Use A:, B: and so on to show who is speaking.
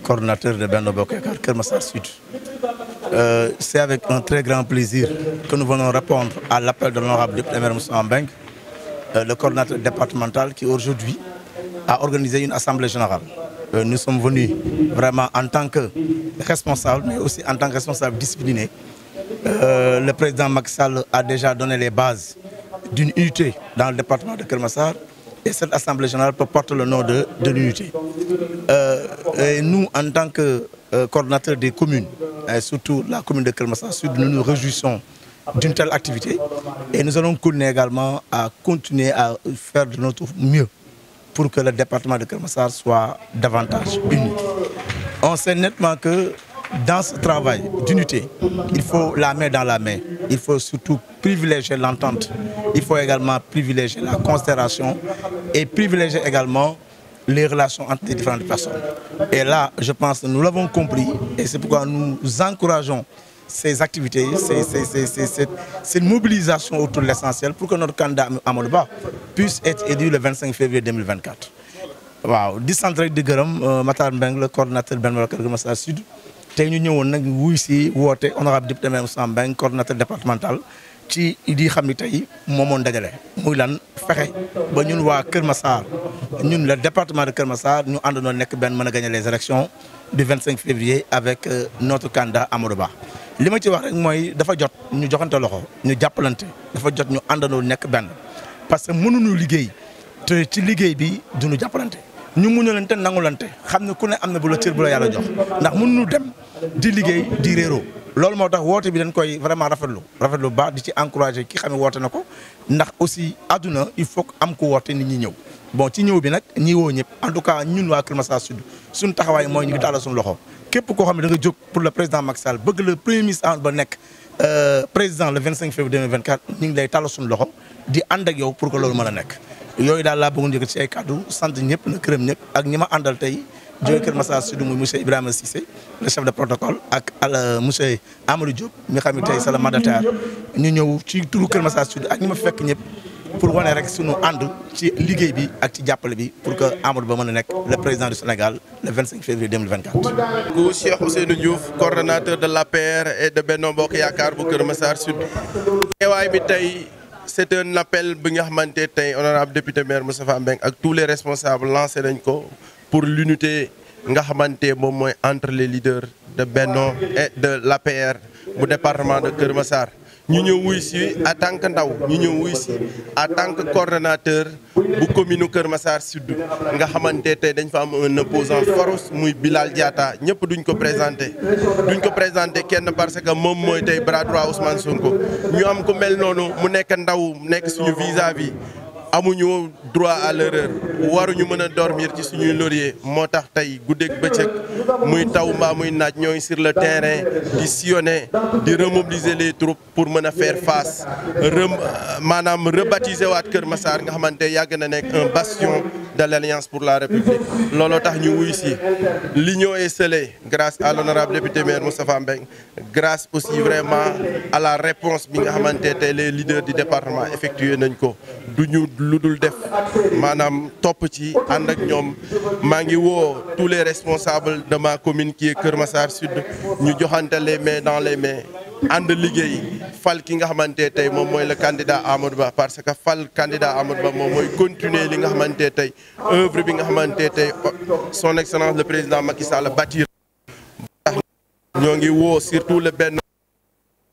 A: coordinateur de Benno Bokekar Kermassar Sud. Euh, c'est avec un très grand plaisir que nous venons répondre à l'appel de l'honorable député Moussa Ambeng, euh, le coordinateur départemental qui aujourd'hui a organisé une assemblée générale. Euh, nous sommes venus vraiment en tant que responsable, mais aussi en tant que responsables disciplinés. le président Maxal a déjà donné les bases d'une unité dans le département de Kermassar et cette Assemblée générale porte le nom de, l'unité. Euh, nous, en tant que euh, coordonnateurs des communes, et surtout la commune de Kermassar Sud, nous nous réjouissons d'une telle activité et nous allons continuer également à continuer à faire de notre mieux pour que le département de Kermassar soit davantage uni. On sait nettement que dans ce travail d'unité, il faut la main dans la main. Il faut surtout privilégier l'entente il faut également privilégier la considération et privilégier également les relations entre les différentes personnes. Et là, je pense que nous l'avons compris et c'est pourquoi nous encourageons ces activités, ces, ces, cette mobilisation autour de l'essentiel pour que notre candidat Amolba puisse être élu le 25 février 2024. Wow de Matar le Sud honorable député départemental ci li xam ne tay moom moo dajale muy lan fexé ba ñun wa Kër Massar ñun le département de Kër Massar ñu andono nek ben mëna a gagner les élections du 25 février avec euh, notre candidat Amadou Ba. lima ci wax rek moy dafa jot ñu joxante loxo ñu jappalante dafa jot ñu àndandoo nek ben parce que mënu ñu liggéey té ci liggéey bi duñu jappalante ñu muñalante nangulante xam ku ne amna bu la cër bu la yalla jox ndax mënu ñu dem di liggéey di réro lol motax wote bi dañ koy vraiment rafetlu rafetlu baax di ci encourager ki xamé wote nako ndax aussi aduna il faut am ko wote nit ñi ñew bon ci ñew bi nak ñi wo ñep en tout cas ñun wa climat Massar Sud sun taxaway moy ñu ngi talal sun loxo képp ko xam da nga jog pour le président Macky Sall bëgg le premier ministre en Ba euh président le 25 février 2024 ñi ngi lay talal sun loxo di and ak yow pour que lolou mën nek yoy da la laa bëggoon ci ay kàddu sante ñep na kërëm ñep ak ñima ma tay jóge Kër Massar Sud monsieur Ibrahima Cissé le chef de protocole ak ala euh, monsieur Amadou Diop mi xam ne tey mandataire ñu ñëw ci turu Kër Massar Sud ak ñi ma fekk ñep pour wane rek suñu and ci liguey bi ak ci jappalé bi pour que Amadou Ba mëna nek le président du Sénégal le 25 février 2024.
B: ko Cheikh Ousseynou Diouf coordinateur de la paire et de Benno Bokk Yaakaar bu Kër Massar Sud. teewaay bi tay c'est un appel bi nga xamante tey honorable député maire Moustapha Mbeng ak tous les responsables lancé nañ ko pour l'unité entre les leaders de Benno et de l'APR au département de Kermassar. Massar ñu ici wuy en tant que ndaw ñu wuy en tant que coordonnateur du commune Kermassar Sud nga xamante tey dañ fa am un opposant féroce muy Bilal Diatta nous duñ ko présenter, duñ ko présenter kenn parce que nous sommes tey bras droit Ousmane Sonko Nous am ku mel noonu mu nekk ndaw nekk vis-à-vis amuñu droit à l'erreur waruñu mën dormir ci suñu laurier motax tay tey guddeeg bëccëg muy taw muy nañ ñoy sur le terrain di sillonner di remobiliser les troupes pour mën faire face re maanaam rebaptiser waat Kër Massar nga xamanté yàgg na un bastion de l'Alliance pour la République lolo tax ñu wuy ci l'union est scellée grâce à l'honorable député maire Moustapha Mbeng grâce aussi vraiment à la réponse bi nga xamanté tey les leaders du département effectué nañ ko duñu ludul def manam top ci and ak ngi tous les responsables de ma commune qui est Keur Massar Sud ñu joxante les mains dans les mains and liguey fal ki nga xamanté le candidat Amadou Ba parce que fal candidat Amadou Ba mom moy continuer li nga xamanté tay œuvre bi son excellence le président Macky Sall bâtir surtout le ben.